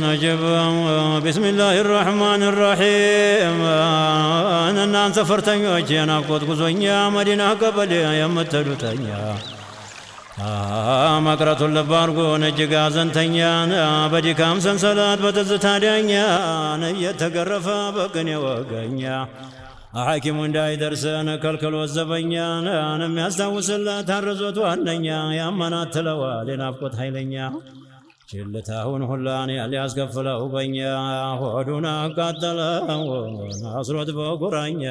شيطان بسم الله الرحمن الرحيم እናን ሰፈርተኞች የናፍቆት ጉዞኛ መዲና ቀበሌ የምትሉተኛ መቅረቱን ልብ አድርጎን እጅግ አዘንተኛን በድካም ሰንሰለት በትዝታ ዳኛን እየተገረፈ በቅኔ ወገኛ ሐኪሙ እንዳይደርሰን ከልክሎ ዘበኛን የሚያስታውስለት ታርዞት ዋነኛ ያመናትለዋል የናፍቆት ኃይለኛ ችልታውን ሁላን ያስከፍለው በኛ ሆዱን አቃጠለው አስሮት በጉራኛ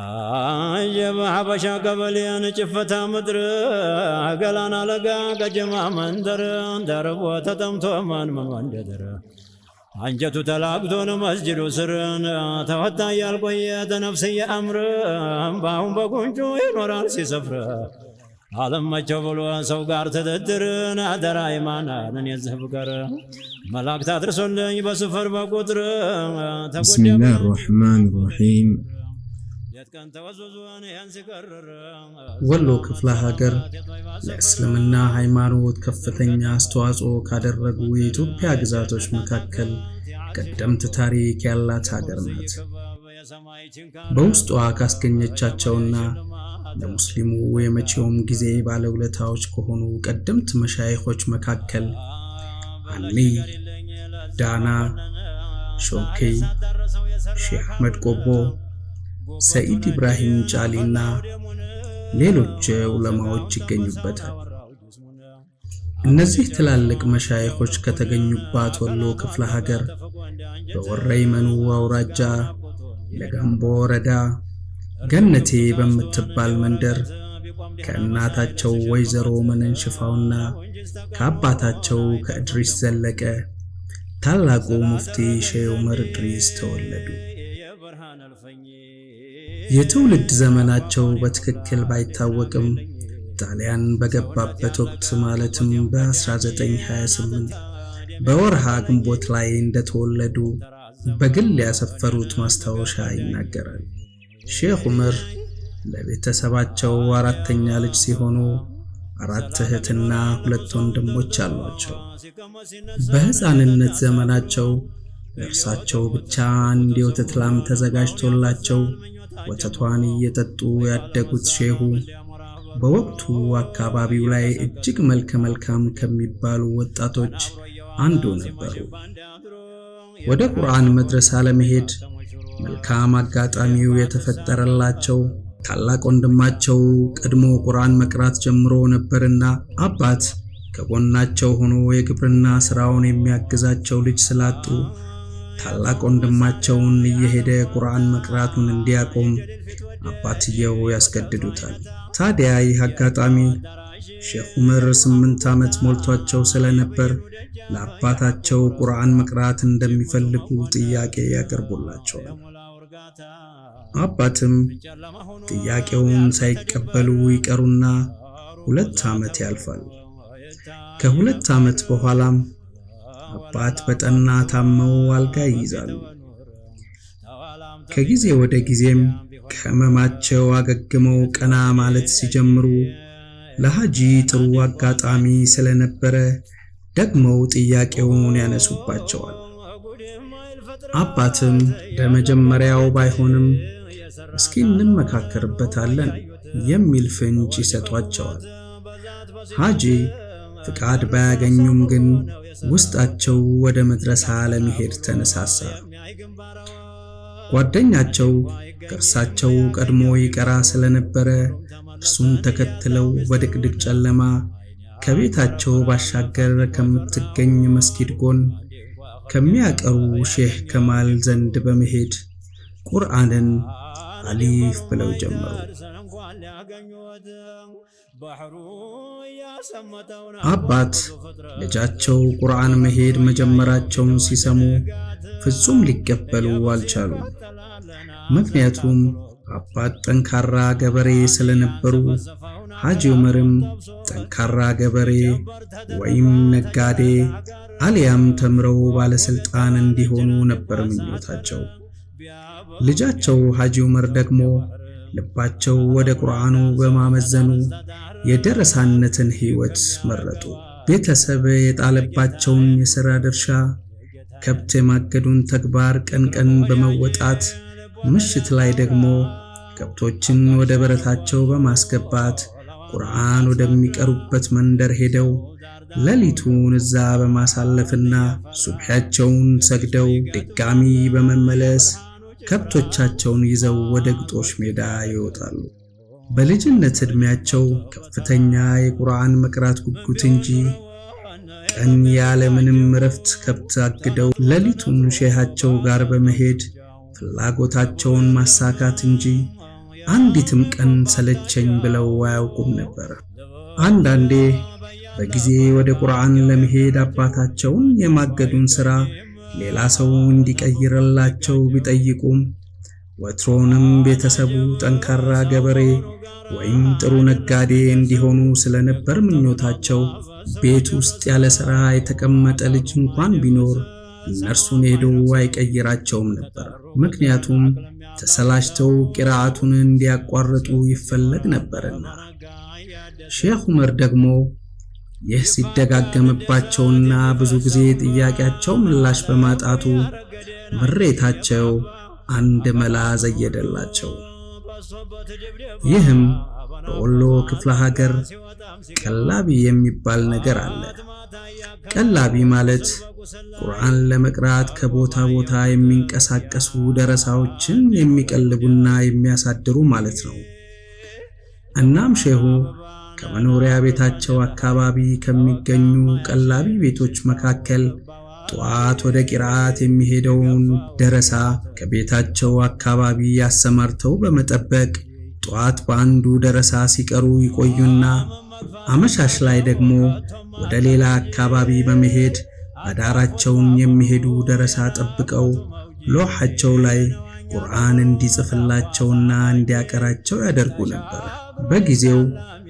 አጀበ ሀበሻ ቀበሌን ጭፈታ ምድር አገላን አለጋ ቀጀማ መንደር ደርቦ ተጠምቶ ማን ምን አንጀቱ ተላግቶን መስጅዱ ስርን ተወታ ያልቆየ ተነፍስየ አምር እምባውን በጉንጩ ይኖራል ሲሰፍር አለመቸው ብሎ ሰው ጋር ትድድርን አደራ ይማናንን የዚህ ፍቅር መላእክት አድርሶልኝ በስፈር በቁጥር ብስሚላህ ራሕማን ራሒም ወሎ ክፍለ ሀገር ለእስልምና ሃይማኖት ከፍተኛ አስተዋጽኦ ካደረጉ የኢትዮጵያ ግዛቶች መካከል ቀደምት ታሪክ ያላት ሀገር ናት። በውስጧ ካስገኘቻቸውና ለሙስሊሙ የመቼውም ጊዜ ባለውለታዎች ከሆኑ ቀደምት መሻይኾች መካከል አኒ ዳና፣ ሾኬይ፣ ሼህ አሕመድ ቆቦ፣ ሰኢድ ኢብራሂም ጫሊና ሌሎች ዑለማዎች ይገኙበታል። እነዚህ ትላልቅ መሻይኾች ከተገኙባት ወሎ ክፍለ ሀገር በወረይመኑ አውራጃ ለጋምቦ ወረዳ ገነቴ በምትባል መንደር ከእናታቸው ወይዘሮ መነን ሽፋውና ከአባታቸው ከእድሪስ ዘለቀ ታላቁ ሙፍቲ ሼህ ዑመር እድሪስ ተወለዱ። የትውልድ ዘመናቸው በትክክል ባይታወቅም ጣሊያን በገባበት ወቅት ማለትም በ1928 በወርሃ ግንቦት ላይ እንደተወለዱ በግል ያሰፈሩት ማስታወሻ ይናገራል። ሼህ ዑመር ለቤተሰባቸው አራተኛ ልጅ ሲሆኑ አራት እህትና ሁለት ወንድሞች አሏቸው። በሕፃንነት ዘመናቸው እርሳቸው ብቻ አንድ የወተት ላም ተዘጋጅቶላቸው ወተቷን እየጠጡ ያደጉት ሼሁ በወቅቱ አካባቢው ላይ እጅግ መልከ መልካም ከሚባሉ ወጣቶች አንዱ ነበሩ። ወደ ቁርአን መድረሳ ለመሄድ መልካም አጋጣሚው የተፈጠረላቸው ታላቅ ወንድማቸው ቀድሞ ቁርአን መቅራት ጀምሮ ነበርና አባት ከጎናቸው ሆኖ የግብርና ስራውን የሚያግዛቸው ልጅ ስላጡ ታላቅ ወንድማቸውን እየሄደ ቁርአን መቅራቱን እንዲያቆም አባትየው ያስገድዱታል። ታዲያ ይህ አጋጣሚ ሼህ ዑመር ስምንት ዓመት ሞልቷቸው ስለነበር ለአባታቸው ቁርአን መቅራት እንደሚፈልጉ ጥያቄ ያቀርቡላቸዋል። አባትም ጥያቄውን ሳይቀበሉ ይቀሩና ሁለት ዓመት ያልፋል። ከሁለት ዓመት በኋላም አባት በጠና ታመው አልጋ ይይዛሉ። ከጊዜ ወደ ጊዜም ከሕመማቸው አገግመው ቀና ማለት ሲጀምሩ ለሐጂ ጥሩ አጋጣሚ ስለነበረ ደግመው ጥያቄውን ያነሱባቸዋል። አባትም በመጀመሪያው ባይሆንም እስኪ እንመካከርበታለን የሚል ፍንጭ ይሰጧቸዋል። ሐጂ ፍቃድ ባያገኙም ግን ውስጣቸው ወደ መድረሳ ለመሄድ ተነሳሳ። ጓደኛቸው ከእርሳቸው ቀድሞ ይቀራ ስለነበረ እርሱን ተከትለው በድቅድቅ ጨለማ ከቤታቸው ባሻገር ከምትገኝ መስጊድ ጎን ከሚያቀሩ ሼህ ከማል ዘንድ በመሄድ ቁርአንን አሊፍ ብለው ጀመሩ። አባት ልጃቸው ቁርአን መሄድ መጀመራቸውን ሲሰሙ ፍጹም ሊቀበሉ አልቻሉም። ምክንያቱም አባት ጠንካራ ገበሬ ስለነበሩ ሐጂ ዑመርም ጠንካራ ገበሬ ወይም ነጋዴ አሊያም ተምረው ባለስልጣን እንዲሆኑ ነበር ምኞታቸው። ልጃቸው ሐጂ ዑመር ደግሞ ልባቸው ወደ ቁርአኑ በማመዘኑ የደረሳነትን ሕይወት መረጡ። ቤተሰብ የጣለባቸውን የሥራ ድርሻ ከብት የማገዱን ተግባር ቀን ቀን በመወጣት ምሽት ላይ ደግሞ ከብቶችን ወደ በረታቸው በማስገባት ቁርአን ወደሚቀሩበት መንደር ሄደው ሌሊቱን እዛ በማሳለፍና ሱብሒያቸውን ሰግደው ድጋሚ በመመለስ ከብቶቻቸውን ይዘው ወደ ግጦሽ ሜዳ ይወጣሉ። በልጅነት ዕድሜያቸው ከፍተኛ የቁርአን መቅራት ጉጉት እንጂ ቀን ያለ ምንም እረፍት ከብት አግደው ሌሊቱን ሼሃቸው ጋር በመሄድ ፍላጎታቸውን ማሳካት እንጂ አንዲትም ቀን ሰለቸኝ ብለው አያውቁም ነበር። አንዳንዴ በጊዜ ወደ ቁርአን ለመሄድ አባታቸውን የማገዱን ሥራ ሌላ ሰው እንዲቀይርላቸው ቢጠይቁም ወትሮንም ቤተሰቡ ጠንካራ ገበሬ ወይም ጥሩ ነጋዴ እንዲሆኑ ስለነበር ምኞታቸው ቤት ውስጥ ያለ ሥራ የተቀመጠ ልጅ እንኳን ቢኖር እነርሱን ሄዶ አይቀይራቸውም ነበር። ምክንያቱም ተሰላችተው ቂራአቱን እንዲያቋርጡ ይፈለግ ነበርና። ሼህ ዑመር ደግሞ ይህ ሲደጋገምባቸውና ብዙ ጊዜ ጥያቄያቸው ምላሽ በማጣቱ ምሬታቸው አንድ መላ ዘየደላቸው። ይህም በወሎ ክፍለ ሀገር ቀላቢ የሚባል ነገር አለ። ቀላቢ ማለት ቁርአን ለመቅራት ከቦታ ቦታ የሚንቀሳቀሱ ደረሳዎችን የሚቀልቡና የሚያሳድሩ ማለት ነው። እናም ሼሁ ከመኖሪያ ቤታቸው አካባቢ ከሚገኙ ቀላቢ ቤቶች መካከል ጠዋት ወደ ቂርአት የሚሄደውን ደረሳ ከቤታቸው አካባቢ ያሰማርተው በመጠበቅ ጠዋት በአንዱ ደረሳ ሲቀሩ ይቆዩና አመሻሽ ላይ ደግሞ ወደ ሌላ አካባቢ በመሄድ አዳራቸውን የሚሄዱ ደረሳ ጠብቀው ሎሓቸው ላይ ቁርአን እንዲጽፍላቸውና እንዲያቀራቸው ያደርጉ ነበር። በጊዜው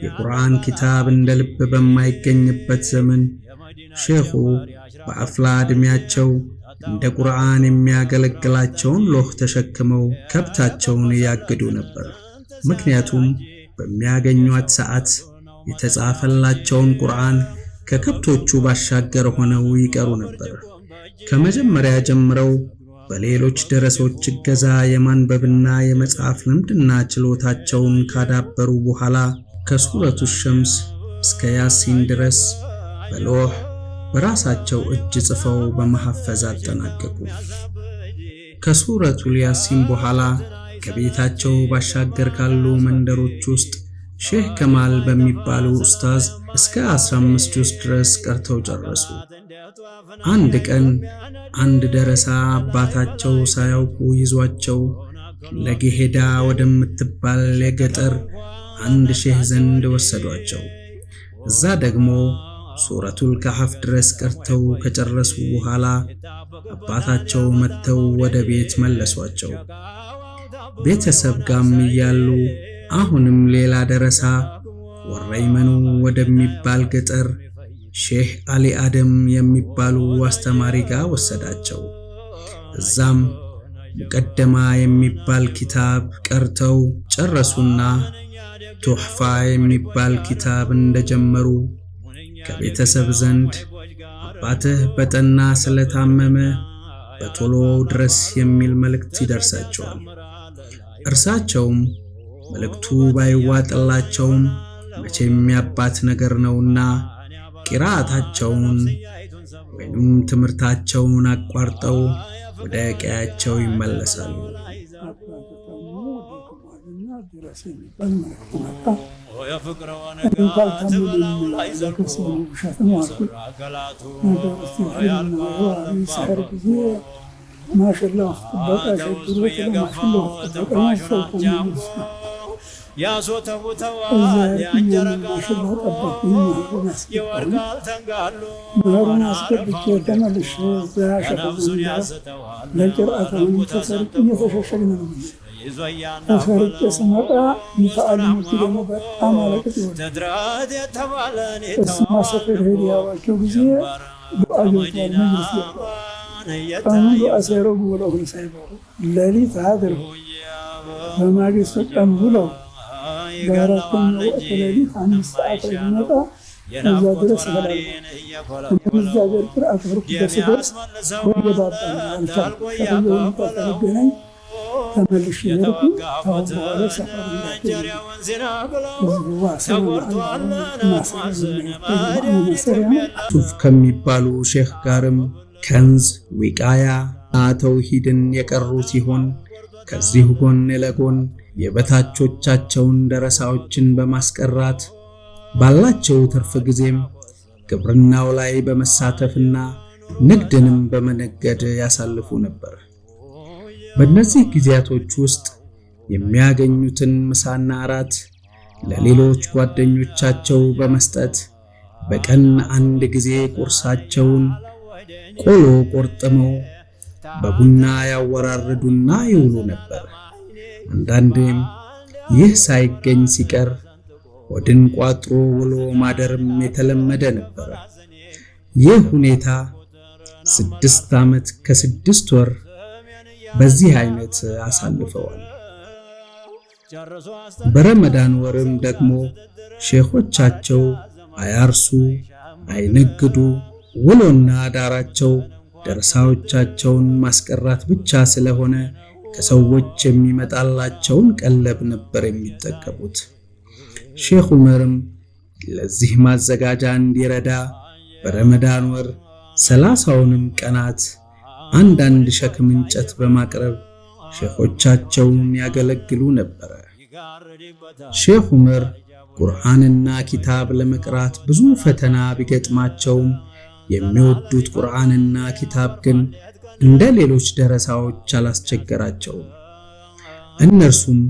የቁርአን ኪታብ እንደ ልብ በማይገኝበት ዘመን ሼኹ በአፍላ ዕድሜያቸው እንደ ቁርአን የሚያገለግላቸውን ሎህ ተሸክመው ከብታቸውን እያግዱ ነበር። ምክንያቱም በሚያገኟት ሰዓት የተጻፈላቸውን ቁርአን ከከብቶቹ ባሻገር ሆነው ይቀሩ ነበር። ከመጀመሪያ ጀምረው በሌሎች ደረሶች እገዛ የማንበብና የመጽሐፍ ልምድና ችሎታቸውን ካዳበሩ በኋላ ከሱረቱ ሸምስ እስከ ያሲን ድረስ በሎህ በራሳቸው እጅ ጽፈው በመሐፈዝ አጠናቀቁ። ከሱረቱ ያሲን በኋላ ከቤታቸው ባሻገር ካሉ መንደሮች ውስጥ ሼህ ከማል በሚባሉ ኡስታዝ እስከ 15 ጁዝ ድረስ ቀርተው ጨረሱ። አንድ ቀን አንድ ደረሳ አባታቸው ሳያውቁ ይዟቸው ለጌሄዳ ወደምትባል የገጠር አንድ ሼህ ዘንድ ወሰዷቸው። እዛ ደግሞ ሱረቱል ከሐፍ ድረስ ቀርተው ከጨረሱ በኋላ አባታቸው መጥተው ወደ ቤት መለሷቸው። ቤተሰብ ጋም እያሉ አሁንም ሌላ ደረሳ ወረይመኑ ወደሚባል ገጠር ሼህ አሊ አደም የሚባሉ አስተማሪ ጋር ወሰዳቸው። እዛም ሙቀደማ የሚባል ኪታብ ቀርተው ጨረሱና ቱሕፋ የሚባል ኪታብ እንደጀመሩ ከቤተሰብ ዘንድ አባትህ በጠና ስለታመመ በቶሎ ድረስ የሚል መልእክት ይደርሳቸዋል። እርሳቸውም መልእክቱ ባይዋጥላቸውም መቼ የሚያባት ነገር ነውና ቂራአታቸውን ወይም ትምህርታቸውን አቋርጠው ወደ ቀያቸው ይመለሳሉ። ማሽላው ጥበቃ ችግሮት ለማሽላ ጥበቃ ሰው ተሰርቄ ስመጣ ሚካኤልሞቹ ደግሞ በጣም አለቅጥ ይሆናል። እሱማ ሄድ ያዋቸው ጊዜ ዱአ ገብቷል ቀኑን ዱዓ ሳይረጉ ውለው ግን ሳይበሩ ሌሊት አድረው በማግስቱ ቀን ውለው በአራተኛው ወቅት ሌሊት አንድ ሰዓት ላይ ቢመጣ እዛ ድረስ ይበላል። እግዚአብሔር ቅርአት ብርኩ በስደርስ ወደባባ አልቻል ተብየውን ጣጣ ይገናኝ ተመልሽ ይርኩ ታወለ ሰፈር ሱፍ ከሚባሉ ሼህ ጋርም ከንዝ፣ ዊቃያ እና ተውሂድን የቀሩ ሲሆን ከዚህ ጎን ለጎን የበታቾቻቸውን ደረሳዎችን በማስቀራት ባላቸው ትርፍ ጊዜም ግብርናው ላይ በመሳተፍና ንግድንም በመነገድ ያሳልፉ ነበር። በእነዚህ ጊዜያቶች ውስጥ የሚያገኙትን ምሳና አራት ለሌሎች ጓደኞቻቸው በመስጠት በቀን አንድ ጊዜ ቁርሳቸውን ቆሎ ቆርጥመው በቡና ያወራርዱና ይውሉ ነበር። አንዳንዴም ይህ ሳይገኝ ሲቀር ወድን ቋጥሮ ውሎ ማደርም የተለመደ ነበረ። ይህ ሁኔታ ስድስት ዓመት ከስድስት ወር በዚህ አይነት አሳልፈዋል። በረመዳን ወርም ደግሞ ሼኾቻቸው አያርሱ፣ አይነግዱ ውሎና ዳራቸው ደርሳዎቻቸውን ማስቀራት ብቻ ስለሆነ ከሰዎች የሚመጣላቸውን ቀለብ ነበር የሚጠቀሙት። ሼክ ዑመርም ለዚህ ማዘጋጃ እንዲረዳ በረመዳን ወር ሰላሳውንም ቀናት አንዳንድ ሸክም እንጨት በማቅረብ ሼኾቻቸውን ያገለግሉ ነበረ። ሼክ ዑመር ቁርአንና ኪታብ ለመቅራት ብዙ ፈተና ቢገጥማቸውም የሚወዱት ቁርአንና ኪታብ ግን እንደ ሌሎች ደረሳዎች አላስቸገራቸው። እነርሱም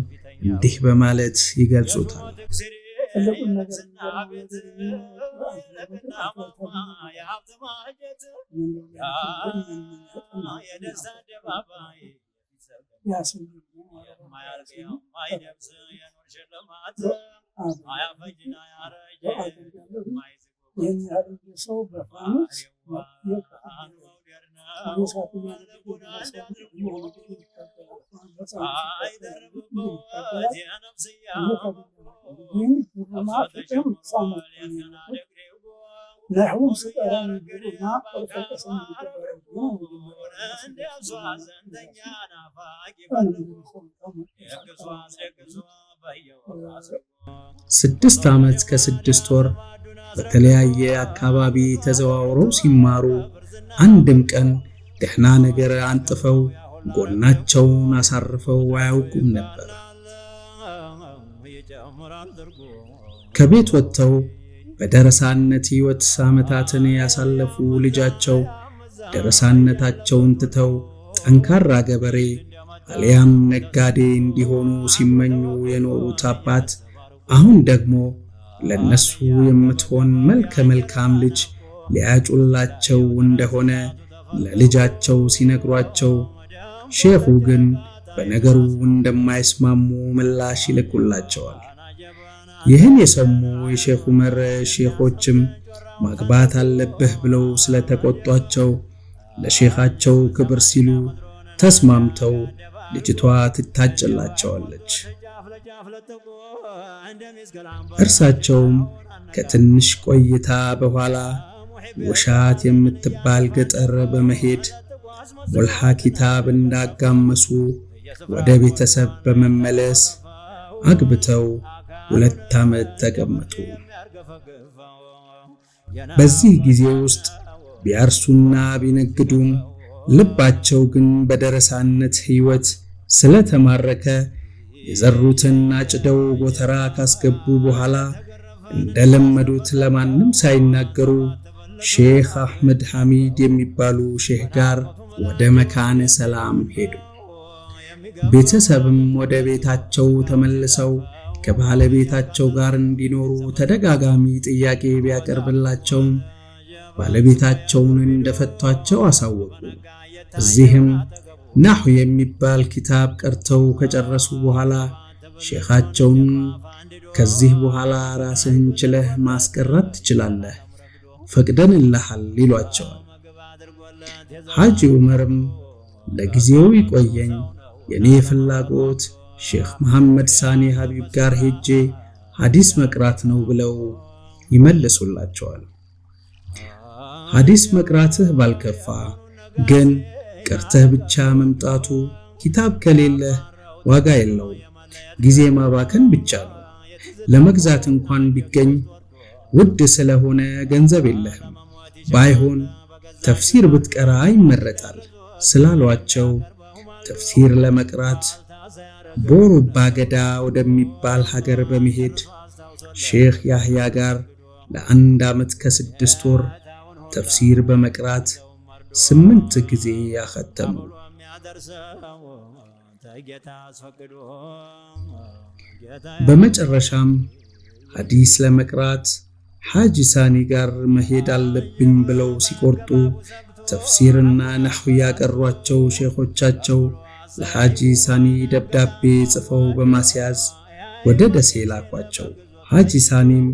እንዲህ በማለት ይገልጹታል። የሚያደርግ ሰው በፋኖስ ስድስት ዓመት ከስድስት ወር በተለያየ አካባቢ ተዘዋውረው ሲማሩ አንድም ቀን ደህና ነገር አንጥፈው ጎናቸውን አሳርፈው አያውቁም ነበር። ከቤት ወጥተው በደረሳነት ሕይወት ዓመታትን ያሳለፉ ልጃቸው ደረሳነታቸውን ትተው ጠንካራ ገበሬ አሊያም ነጋዴ እንዲሆኑ ሲመኙ የኖሩት አባት አሁን ደግሞ ለነሱ የምትሆን መልከ መልካም ልጅ ሊያጩላቸው እንደሆነ ለልጃቸው ሲነግሯቸው፣ ሼሁ ግን በነገሩ እንደማይስማሙ ምላሽ ይልኩላቸዋል። ይህን የሰሙ የሼሁ መር ሼሆችም ማግባት አለብህ ብለው ስለተቆጧቸው ለሼኻቸው ክብር ሲሉ ተስማምተው ልጅቷ ትታጭላቸዋለች። እርሳቸውም ከትንሽ ቆይታ በኋላ ውሻት የምትባል ገጠር በመሄድ ሞልሃ ኪታብ እንዳጋመሱ ወደ ቤተሰብ በመመለስ አግብተው ሁለት ዓመት ተቀመጡ። በዚህ ጊዜ ውስጥ ቢያርሱና ቢነግዱም ልባቸው ግን በደረሳነት ሕይወት ስለተማረከ የዘሩትን አጭደው ጎተራ ካስገቡ በኋላ እንደለመዱት ለማንም ሳይናገሩ ሼህ አሕመድ ሐሚድ የሚባሉ ሼህ ጋር ወደ መካነ ሰላም ሄዱ። ቤተሰብም ወደ ቤታቸው ተመልሰው ከባለቤታቸው ጋር እንዲኖሩ ተደጋጋሚ ጥያቄ ቢያቀርብላቸውም ባለቤታቸውን እንደፈቷቸው አሳወቁ። እዚህም ናሁ የሚባል ኪታብ ቀርተው ከጨረሱ በኋላ ሼኻቸውን ከዚህ በኋላ ራስህን ችለህ ማስቀረት ትችላለህ፣ ፈቅደንልሃል ይሏቸዋል። ሐጂ ዑመርም ለጊዜው ይቆየኝ፣ የእኔ ፍላጎት ሼኽ መሐመድ ሳኒ ሀቢብ ጋር ሄጄ ሐዲስ መቅራት ነው ብለው ይመልሱላቸዋል። ሐዲስ መቅራትህ ባልከፋ፣ ግን ቀርተህ ብቻ መምጣቱ ኪታብ ከሌለህ ዋጋ የለውም። ጊዜ ማባከን ብቻ ነው። ለመግዛት እንኳን ቢገኝ ውድ ስለሆነ ገንዘብ የለህም። ባይሆን ተፍሲር ብትቀራ ይመረጣል ስላሏቸው ተፍሲር ለመቅራት ቦሩባ ገዳ ወደሚባል ሀገር በመሄድ ሼህ ያህያ ጋር ለአንድ ዓመት ከስድስት ወር ተፍሲር በመቅራት ስምንት ጊዜ ያኸተሙ በመጨረሻም ሐዲስ ለመቅራት ሐጂ ሳኒ ጋር መሄድ አለብኝ ብለው ሲቆርጡ ተፍሲርና ናሕው ያቀሯቸው ሼኾቻቸው ለሐጂ ሳኒ ደብዳቤ ጽፈው በማስያዝ ወደ ደሴ ላኳቸው። ሐጂ ሳኒም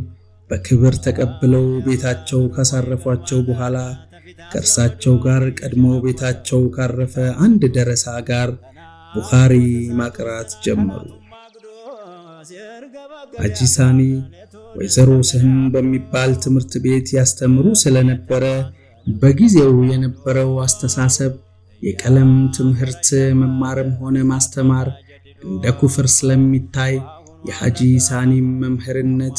በክብር ተቀብለው ቤታቸው ካሳረፏቸው በኋላ ከእርሳቸው ጋር ቀድሞ ቤታቸው ካረፈ አንድ ደረሳ ጋር ቡኻሪ ማቅራት ጀመሩ። ሐጂ ሳኒ ወይዘሮ ስህም በሚባል ትምህርት ቤት ያስተምሩ ስለነበረ በጊዜው የነበረው አስተሳሰብ የቀለም ትምህርት መማርም ሆነ ማስተማር እንደ ኩፍር ስለሚታይ የሐጂ ሳኒም መምህርነት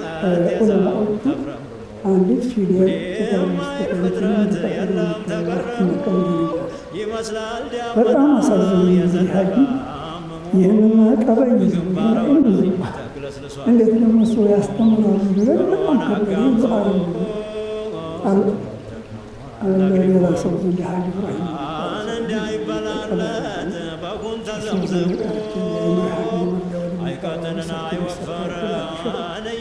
ዑለማዎቹ አንዲት ፊደል በጣም አሳዘኝ። ሀጂ ይህንን ማዕቀበኝ እንዴት ደግሞ እሱ ያስተምራሉ ብለን በጣም ከበደኝ። ሌላ ሰው ዘንድ ሀጂ ብራሂም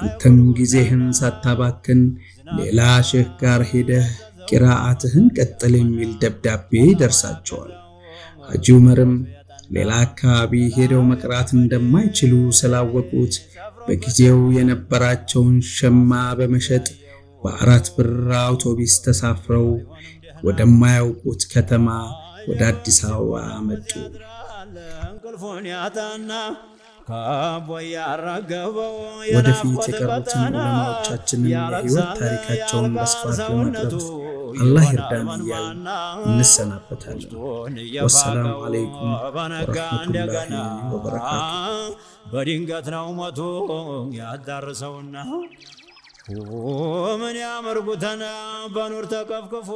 አንተም ጊዜህን ሳታባክን ሌላ ሼህ ጋር ሄደህ ቂራአትህን ቀጥል የሚል ደብዳቤ ይደርሳቸዋል። ሐጂ ዑመርም ሌላ አካባቢ ሄደው መቅራት እንደማይችሉ ስላወቁት በጊዜው የነበራቸውን ሸማ በመሸጥ በአራት ብር አውቶቢስ ተሳፍረው ወደማያውቁት ከተማ ወደ አዲስ አበባ መጡ። ወደፊት የቀሩትን ዑለማዎቻችንን የህይወት ታሪካቸውን በስፋት ለመድረስ አላህ ይርዳን እያል እንሰናበታለን። ወሰላሙ አለይኩም ወረሕመቱላሂ ወበረካቱ። በድንገት ነው ሞቱ ያዳርሰውና ምን ያመርጉተና በኑር ተቀፍቅፎ